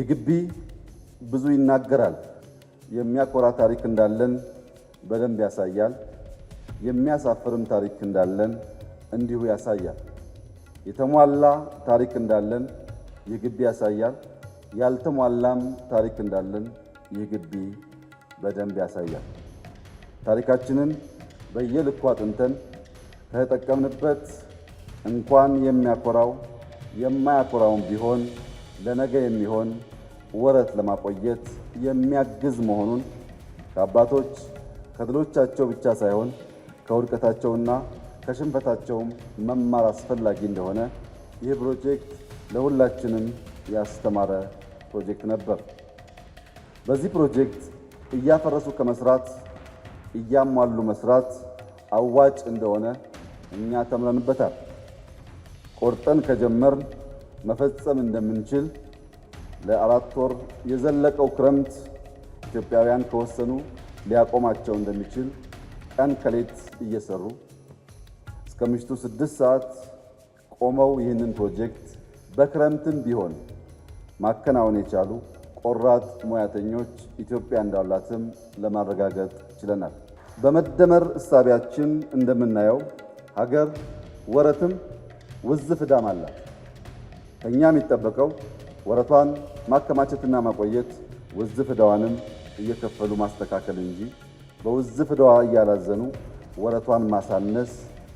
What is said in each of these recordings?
የግቢ ብዙ ይናገራል። የሚያኮራ ታሪክ እንዳለን በደንብ ያሳያል። የሚያሳፍርም ታሪክ እንዳለን እንዲሁ ያሳያል። የተሟላ ታሪክ እንዳለን ይህ ግቢ ያሳያል። ያልተሟላም ታሪክ እንዳለን ይህ ግቢ በደንብ ያሳያል። ታሪካችንን በየልኩ አጥንተን ከተጠቀምንበት እንኳን የሚያኮራው የማያኮራውን ቢሆን ለነገ የሚሆን ወረት ለማቆየት የሚያግዝ መሆኑን ከአባቶች ከድሎቻቸው ብቻ ሳይሆን ከውድቀታቸውና ከሽንፈታቸውም መማር አስፈላጊ እንደሆነ ይህ ፕሮጀክት ለሁላችንም ያስተማረ ፕሮጀክት ነበር። በዚህ ፕሮጀክት እያፈረሱ ከመስራት እያሟሉ መስራት አዋጭ እንደሆነ እኛ ተምረንበታል። ቆርጠን ከጀመር መፈጸም እንደምንችል ለአራት ወር የዘለቀው ክረምት ኢትዮጵያውያን ከወሰኑ ሊያቆማቸው እንደሚችል ቀን ከሌት እየሰሩ እስከ ምሽቱ ስድስት ሰዓት ቆመው ይህንን ፕሮጀክት በክረምትም ቢሆን ማከናወን የቻሉ ቆራጥ ሙያተኞች ኢትዮጵያ እንዳላትም ለማረጋገጥ ችለናል። በመደመር እሳቢያችን እንደምናየው ሀገር ወረትም ውዝፍ ዕዳም አላት። ከእኛ የሚጠበቀው ወረቷን ማከማቸትና ማቆየት ውዝፍ ዕዳዋንም እየከፈሉ ማስተካከል እንጂ በውዝፍ ዕዳዋ እያላዘኑ ወረቷን ማሳነስ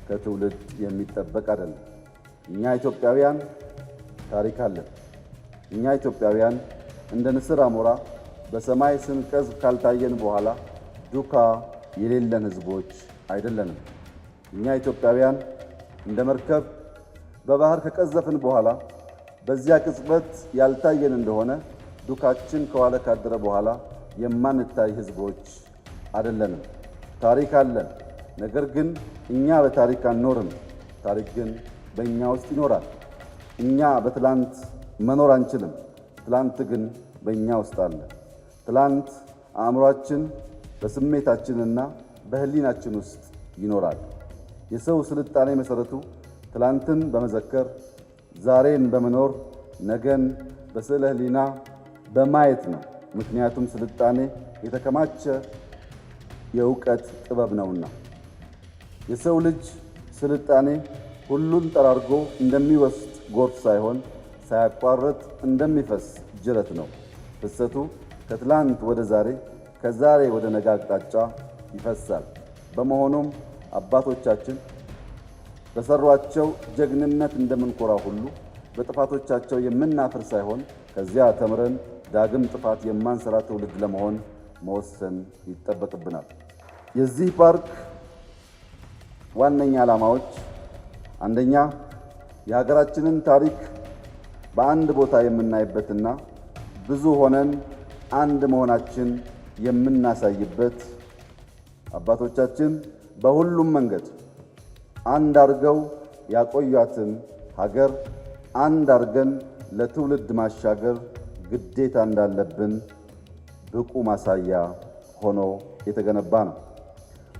ከትውልድ የሚጠበቅ አይደለም። እኛ ኢትዮጵያውያን ታሪክ አለን። እኛ ኢትዮጵያውያን እንደ ንስር አሞራ በሰማይ ስንቀዝፍ ካልታየን በኋላ ዱካ የሌለን ሕዝቦች አይደለንም። እኛ ኢትዮጵያውያን እንደ መርከብ በባህር ከቀዘፍን በኋላ በዚያ ቅጽበት ያልታየን እንደሆነ ዱካችን ከኋላ ካደረ በኋላ የማንታይ ህዝቦች አይደለንም። ታሪክ አለን፣ ነገር ግን እኛ በታሪክ አንኖርም። ታሪክ ግን በእኛ ውስጥ ይኖራል። እኛ በትላንት መኖር አንችልም። ትላንት ግን በእኛ ውስጥ አለ። ትላንት አእምሯችን በስሜታችንና በህሊናችን ውስጥ ይኖራል። የሰው ስልጣኔ መሰረቱ ትላንትን በመዘከር ዛሬን በመኖር ነገን በስዕለ ሕሊና በማየት ነው። ምክንያቱም ስልጣኔ የተከማቸ የእውቀት ጥበብ ነውና የሰው ልጅ ስልጣኔ ሁሉን ጠራርጎ እንደሚወስድ ጎርፍ ሳይሆን ሳያቋርጥ እንደሚፈስ ጅረት ነው። ፍሰቱ ከትላንት ወደ ዛሬ፣ ከዛሬ ወደ ነገ አቅጣጫ ይፈሳል። በመሆኑም አባቶቻችን በሰሯቸው ጀግንነት እንደምንኮራ ሁሉ በጥፋቶቻቸው የምናፍር ሳይሆን ከዚያ ተምረን ዳግም ጥፋት የማንሰራ ትውልድ ለመሆን መወሰን ይጠበቅብናል። የዚህ ፓርክ ዋነኛ ዓላማዎች አንደኛ የሀገራችንን ታሪክ በአንድ ቦታ የምናይበትና ብዙ ሆነን አንድ መሆናችን የምናሳይበት አባቶቻችን በሁሉም መንገድ አንድ አርገው ያቆያትን ሀገር አንድ አርገን ለትውልድ ማሻገር ግዴታ እንዳለብን ብቁ ማሳያ ሆኖ የተገነባ ነው።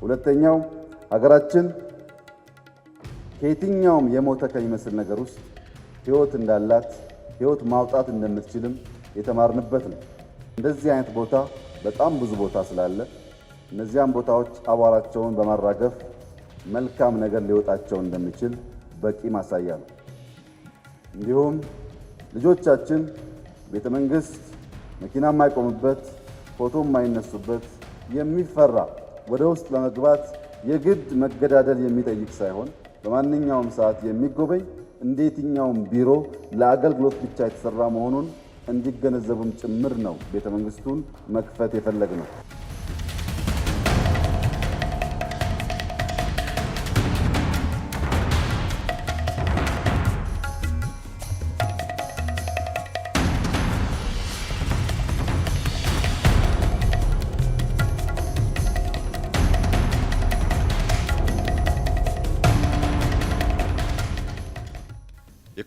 ሁለተኛው ሀገራችን ከየትኛውም የሞተ ከሚመስል ነገር ውስጥ ሕይወት እንዳላት ሕይወት ማውጣት እንደምትችልም የተማርንበት ነው። እንደዚህ አይነት ቦታ በጣም ብዙ ቦታ ስላለ እነዚያም ቦታዎች አቧራቸውን በማራገፍ መልካም ነገር ሊወጣቸው እንደሚችል በቂ ማሳያ ነው። እንዲሁም ልጆቻችን ቤተ መንግስት መኪና የማይቆምበት፣ ፎቶ የማይነሱበት የሚፈራ ወደ ውስጥ ለመግባት የግድ መገዳደል የሚጠይቅ ሳይሆን በማንኛውም ሰዓት የሚጎበኝ እንደ የትኛውም ቢሮ ለአገልግሎት ብቻ የተሰራ መሆኑን እንዲገነዘቡም ጭምር ነው ቤተ መንግስቱን መክፈት የፈለግ ነው።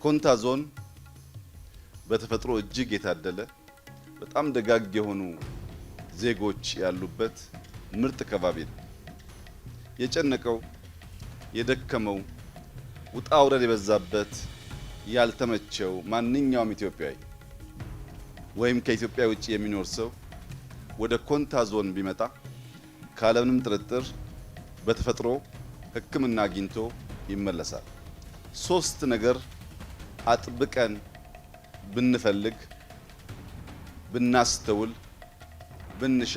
የኮንታ ዞን በተፈጥሮ እጅግ የታደለ በጣም ደጋግ የሆኑ ዜጎች ያሉበት ምርጥ ከባቢ ነው። የጨነቀው የደከመው ውጣ ውረድ የበዛበት ያልተመቸው ማንኛውም ኢትዮጵያዊ ወይም ከኢትዮጵያ ውጭ የሚኖር ሰው ወደ ኮንታ ዞን ቢመጣ ካለምንም ጥርጥር በተፈጥሮ ሕክምና አግኝቶ ይመለሳል። ሶስት ነገር አጥብቀን ብንፈልግ ብናስተውል ብንሻ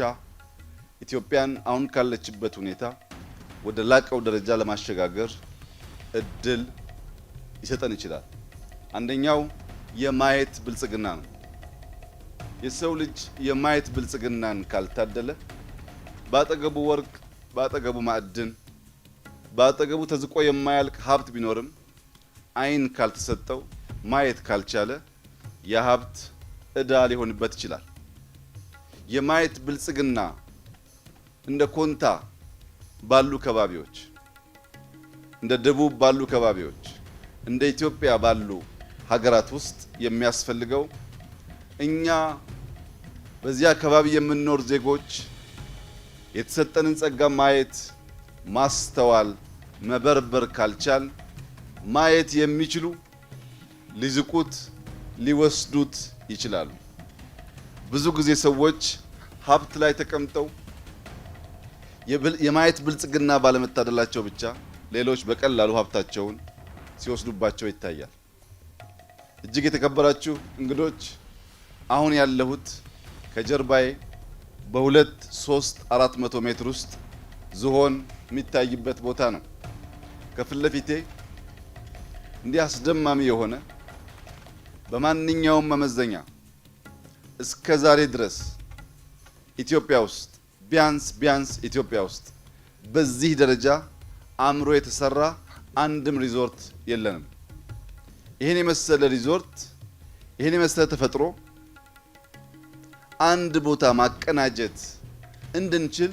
ኢትዮጵያን አሁን ካለችበት ሁኔታ ወደ ላቀው ደረጃ ለማሸጋገር እድል ይሰጠን ይችላል። አንደኛው የማየት ብልጽግና ነው። የሰው ልጅ የማየት ብልጽግናን ካልታደለ በአጠገቡ ወርቅ፣ በአጠገቡ ማዕድን፣ በአጠገቡ ተዝቆ የማያልቅ ሀብት ቢኖርም አይን ካልተሰጠው ማየት ካልቻለ የሀብት እዳ ሊሆንበት ይችላል። የማየት ብልጽግና እንደ ኮንታ ባሉ ከባቢዎች፣ እንደ ደቡብ ባሉ ከባቢዎች፣ እንደ ኢትዮጵያ ባሉ ሀገራት ውስጥ የሚያስፈልገው እኛ በዚህ አካባቢ የምንኖር ዜጎች የተሰጠንን ጸጋ ማየት፣ ማስተዋል፣ መበርበር ካልቻል ማየት የሚችሉ ሊዝቁት፣ ሊወስዱት ይችላሉ። ብዙ ጊዜ ሰዎች ሀብት ላይ ተቀምጠው የማየት ብልጽግና ባለመታደላቸው ብቻ ሌሎች በቀላሉ ሀብታቸውን ሲወስዱባቸው ይታያል። እጅግ የተከበራችሁ እንግዶች፣ አሁን ያለሁት ከጀርባዬ በሁለት ሶስት አራት መቶ ሜትር ውስጥ ዝሆን የሚታይበት ቦታ ነው። ከፊት ለፊቴ እንዲህ አስደማሚ የሆነ በማንኛውም መመዘኛ እስከ ዛሬ ድረስ ኢትዮጵያ ውስጥ ቢያንስ ቢያንስ ኢትዮጵያ ውስጥ በዚህ ደረጃ አምሮ የተሰራ አንድም ሪዞርት የለንም። ይህን የመሰለ ሪዞርት ይህን የመሰለ ተፈጥሮ አንድ ቦታ ማቀናጀት እንድንችል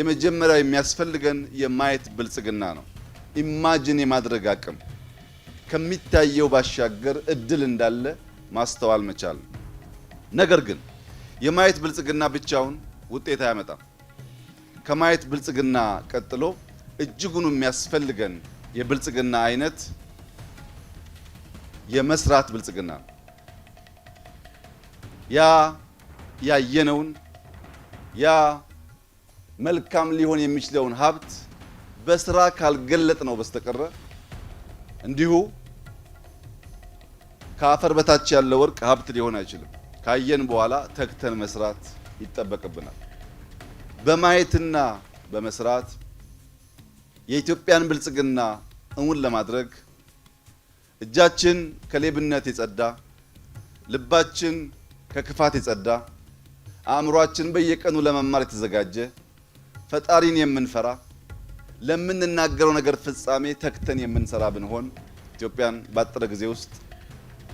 የመጀመሪያው የሚያስፈልገን የማየት ብልጽግና ነው። ኢማጅን የማድረግ አቅም ከሚታየው ባሻገር እድል እንዳለ ማስተዋል መቻል። ነገር ግን የማየት ብልጽግና ብቻውን ውጤት አያመጣም። ከማየት ብልጽግና ቀጥሎ እጅጉን የሚያስፈልገን የብልጽግና አይነት የመስራት ብልጽግና ነው። ያ ያየነውን ያ መልካም ሊሆን የሚችለውን ሀብት በስራ ካልገለጥ ነው በስተቀረ እንዲሁ ከአፈር በታች ያለ ወርቅ ሀብት ሊሆን አይችልም። ካየን በኋላ ተክተን መስራት ይጠበቅብናል። በማየትና በመስራት የኢትዮጵያን ብልጽግና እውን ለማድረግ እጃችን ከሌብነት የጸዳ ልባችን ከክፋት የጸዳ አእምሯችን በየቀኑ ለመማር የተዘጋጀ ፈጣሪን የምንፈራ ለምንናገረው ነገር ፍጻሜ ተክተን የምንሰራ ብንሆን ኢትዮጵያን ባጠረ ጊዜ ውስጥ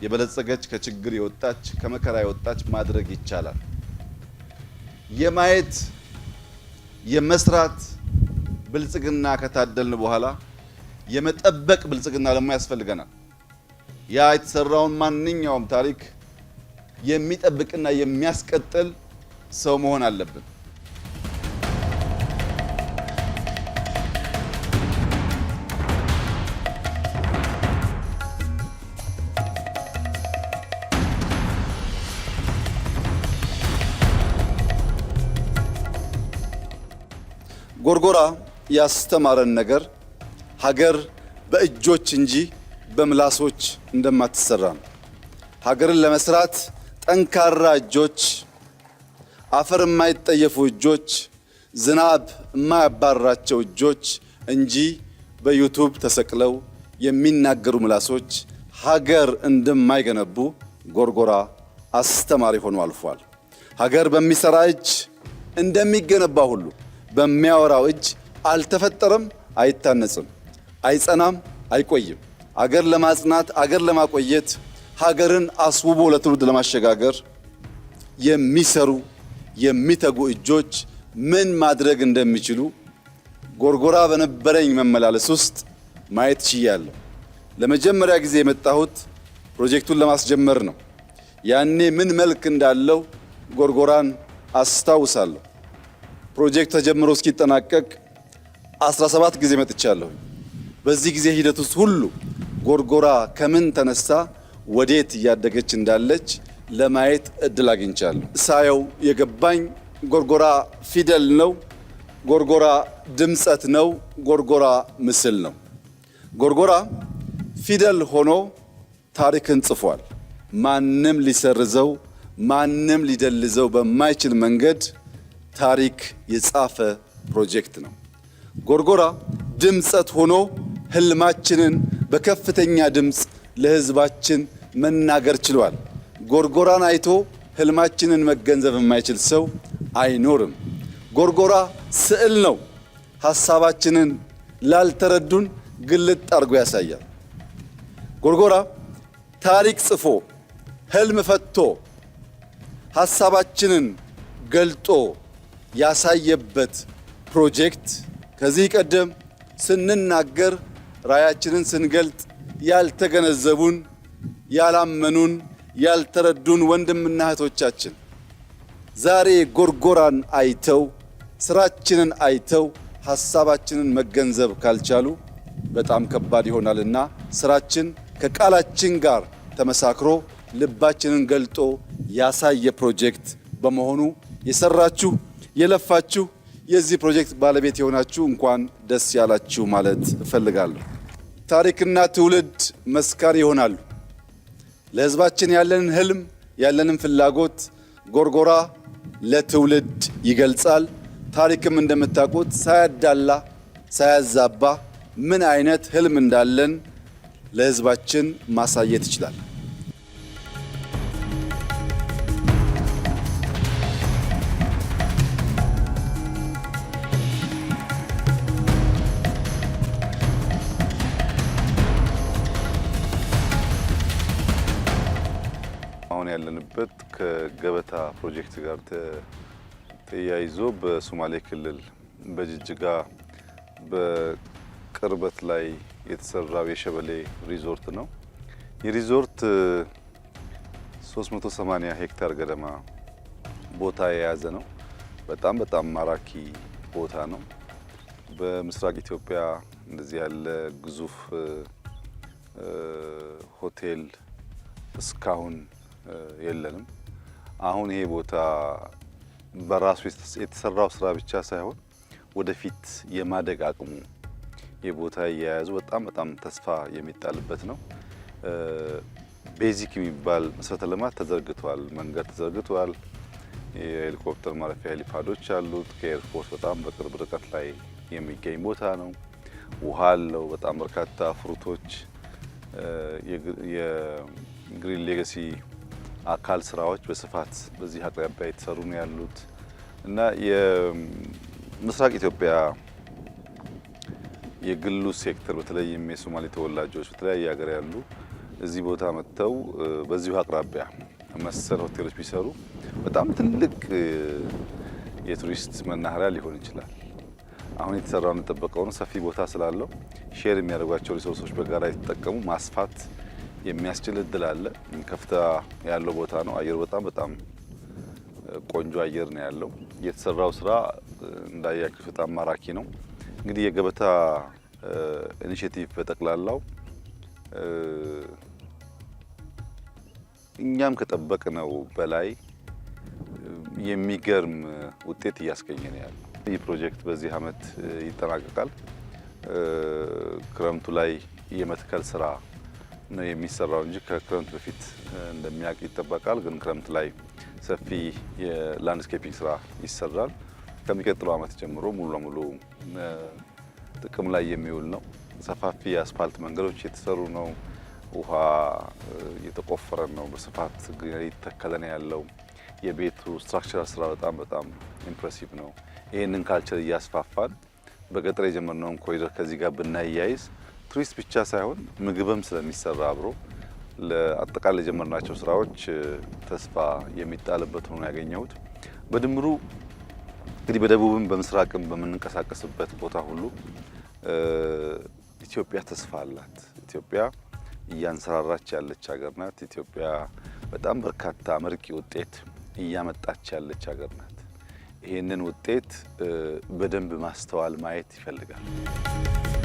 የበለጸገች ከችግር የወጣች ከመከራ የወጣች ማድረግ ይቻላል። የማየት የመስራት ብልጽግና ከታደልን በኋላ የመጠበቅ ብልጽግና ደግሞ ያስፈልገናል። ያ የተሰራውን ማንኛውም ታሪክ የሚጠብቅና የሚያስቀጥል ሰው መሆን አለብን። ጎርጎራ ያስተማረን ነገር ሀገር በእጆች እንጂ በምላሶች እንደማትሰራ ነው። ሀገርን ለመስራት ጠንካራ እጆች፣ አፈር የማይጠየፉ እጆች፣ ዝናብ የማያባራቸው እጆች እንጂ በዩቱብ ተሰቅለው የሚናገሩ ምላሶች ሀገር እንደማይገነቡ ጎርጎራ አስተማሪ ሆኖ አልፏል። ሀገር በሚሰራ እጅ እንደሚገነባ ሁሉ በሚያወራው እጅ አልተፈጠረም፣ አይታነጽም፣ አይጸናም፣ አይቆይም። አገር ለማጽናት አገር ለማቆየት ሀገርን አስውቦ ለትውልድ ለማሸጋገር የሚሰሩ የሚተጉ እጆች ምን ማድረግ እንደሚችሉ ጎርጎራ በነበረኝ መመላለስ ውስጥ ማየት ችያለሁ። ለመጀመሪያ ጊዜ የመጣሁት ፕሮጀክቱን ለማስጀመር ነው። ያኔ ምን መልክ እንዳለው ጎርጎራን አስታውሳለሁ። ፕሮጀክት ተጀምሮ እስኪጠናቀቅ 17 ጊዜ መጥቻለሁ። በዚህ ጊዜ ሂደት ውስጥ ሁሉ ጎርጎራ ከምን ተነሳ ወዴት እያደገች እንዳለች ለማየት እድል አግኝቻለሁ። ሳየው የገባኝ ጎርጎራ ፊደል ነው፣ ጎርጎራ ድምፀት ነው፣ ጎርጎራ ምስል ነው። ጎርጎራ ፊደል ሆኖ ታሪክን ጽፏል። ማንም ሊሰርዘው ማንም ሊደልዘው በማይችል መንገድ ታሪክ የጻፈ ፕሮጀክት ነው። ጎርጎራ ድምጸት ሆኖ ህልማችንን በከፍተኛ ድምፅ ለህዝባችን መናገር ችሏል። ጎርጎራን አይቶ ህልማችንን መገንዘብ የማይችል ሰው አይኖርም። ጎርጎራ ስዕል ነው። ሐሳባችንን ላልተረዱን ግልጥ አድርጎ ያሳያል። ጎርጎራ ታሪክ ጽፎ ህልም ፈቶ ሐሳባችንን ገልጦ ያሳየበት ፕሮጀክት ከዚህ ቀደም ስንናገር ራዕያችንን ስንገልጥ ያልተገነዘቡን፣ ያላመኑን፣ ያልተረዱን ወንድምና እህቶቻችን ዛሬ ጎርጎራን አይተው ስራችንን አይተው ሀሳባችንን መገንዘብ ካልቻሉ በጣም ከባድ ይሆናልና ስራችን ከቃላችን ጋር ተመሳክሮ ልባችንን ገልጦ ያሳየ ፕሮጀክት በመሆኑ የሰራችሁ የለፋችሁ የዚህ ፕሮጀክት ባለቤት የሆናችሁ እንኳን ደስ ያላችሁ ማለት እፈልጋለሁ። ታሪክና ትውልድ መስካሪ ይሆናሉ። ለህዝባችን ያለንን ህልም ያለንን ፍላጎት ጎርጎራ ለትውልድ ይገልጻል። ታሪክም እንደምታውቁት ሳያዳላ ሳያዛባ ምን አይነት ህልም እንዳለን ለህዝባችን ማሳየት ይችላል። ፕሮጀክት ጋር ተያይዞ በሶማሌ ክልል በጅጅጋ በቅርበት ላይ የተሰራው የሸበሌ ሪዞርት ነው። ይህ ሪዞርት 380 ሄክታር ገደማ ቦታ የያዘ ነው። በጣም በጣም ማራኪ ቦታ ነው። በምስራቅ ኢትዮጵያ እንደዚህ ያለ ግዙፍ ሆቴል እስካሁን የለንም። አሁን ይሄ ቦታ በራሱ የተሰራው ስራ ብቻ ሳይሆን ወደፊት የማደግ አቅሙ የቦታ እየያዙ በጣም በጣም ተስፋ የሚጣልበት ነው። ቤዚክ የሚባል መሰረተ ልማት ተዘርግቷል። መንገድ ተዘርግቷል። የሄሊኮፕተር ማረፊያ ሄሊፓዶች አሉት። ከኤርፖርት በጣም በቅርብ ርቀት ላይ የሚገኝ ቦታ ነው። ውሃ አለው። በጣም በርካታ ፍሩቶች የግሪን ሌገሲ ። አካል ስራዎች በስፋት በዚህ አቅራቢያ የተሰሩ ነው ያሉት እና የምስራቅ ኢትዮጵያ የግሉ ሴክተር በተለይም የሶማሌ ተወላጆች በተለያየ ሀገር ያሉ እዚህ ቦታ መጥተው በዚሁ አቅራቢያ መሰል ሆቴሎች ቢሰሩ በጣም ትልቅ የቱሪስት መናኸሪያ ሊሆን ይችላል። አሁን የተሰራውን ነው። ሰፊ ቦታ ስላለው ሼር የሚያደርጓቸው ሪሶርሶች በጋራ የተጠቀሙ ማስፋት የሚያስችል እድል አለ። ከፍታ ያለው ቦታ ነው። አየር በጣም በጣም ቆንጆ አየር ነው ያለው። የተሰራው ስራ እንዳያችሁ በጣም ማራኪ ነው። እንግዲህ የገበታ ኢኒሽቲቭ በጠቅላላው እኛም ከጠበቅነው በላይ የሚገርም ውጤት እያስገኘ ነው ያለ። ይህ ፕሮጀክት በዚህ አመት ይጠናቀቃል። ክረምቱ ላይ የመትከል ስራ ነው የሚሰራው እንጂ ከክረምት በፊት እንደሚያውቅ ይጠበቃል። ግን ክረምት ላይ ሰፊ የላንድስኬፒንግ ስራ ይሰራል። ከሚቀጥለው ዓመት ጀምሮ ሙሉ ለሙሉ ጥቅም ላይ የሚውል ነው። ሰፋፊ የአስፋልት መንገዶች የተሰሩ ነው። ውሃ እየተቆፈረ ነው። በስፋት እየተተከለ ነው ያለው። የቤቱ ስትራክቸራል ስራ በጣም በጣም ኢምፕሬሲቭ ነው። ይህንን ካልቸር እያስፋፋን በገጠር የጀመርነውን ኮሪደር ከዚህ ጋር ብናያይዝ ቱሪስት ብቻ ሳይሆን ምግብም ስለሚሰራ አብሮ ለአጠቃላይ የጀመርናቸው ስራዎች ተስፋ የሚጣልበት ሆኖ ያገኘሁት። በድምሩ እንግዲህ በደቡብም በምስራቅም በምንንቀሳቀስበት ቦታ ሁሉ ኢትዮጵያ ተስፋ አላት። ኢትዮጵያ እያንሰራራች ያለች ሀገር ናት። ኢትዮጵያ በጣም በርካታ መርቂ ውጤት እያመጣች ያለች ሀገር ናት። ይህንን ውጤት በደንብ ማስተዋል ማየት ይፈልጋል።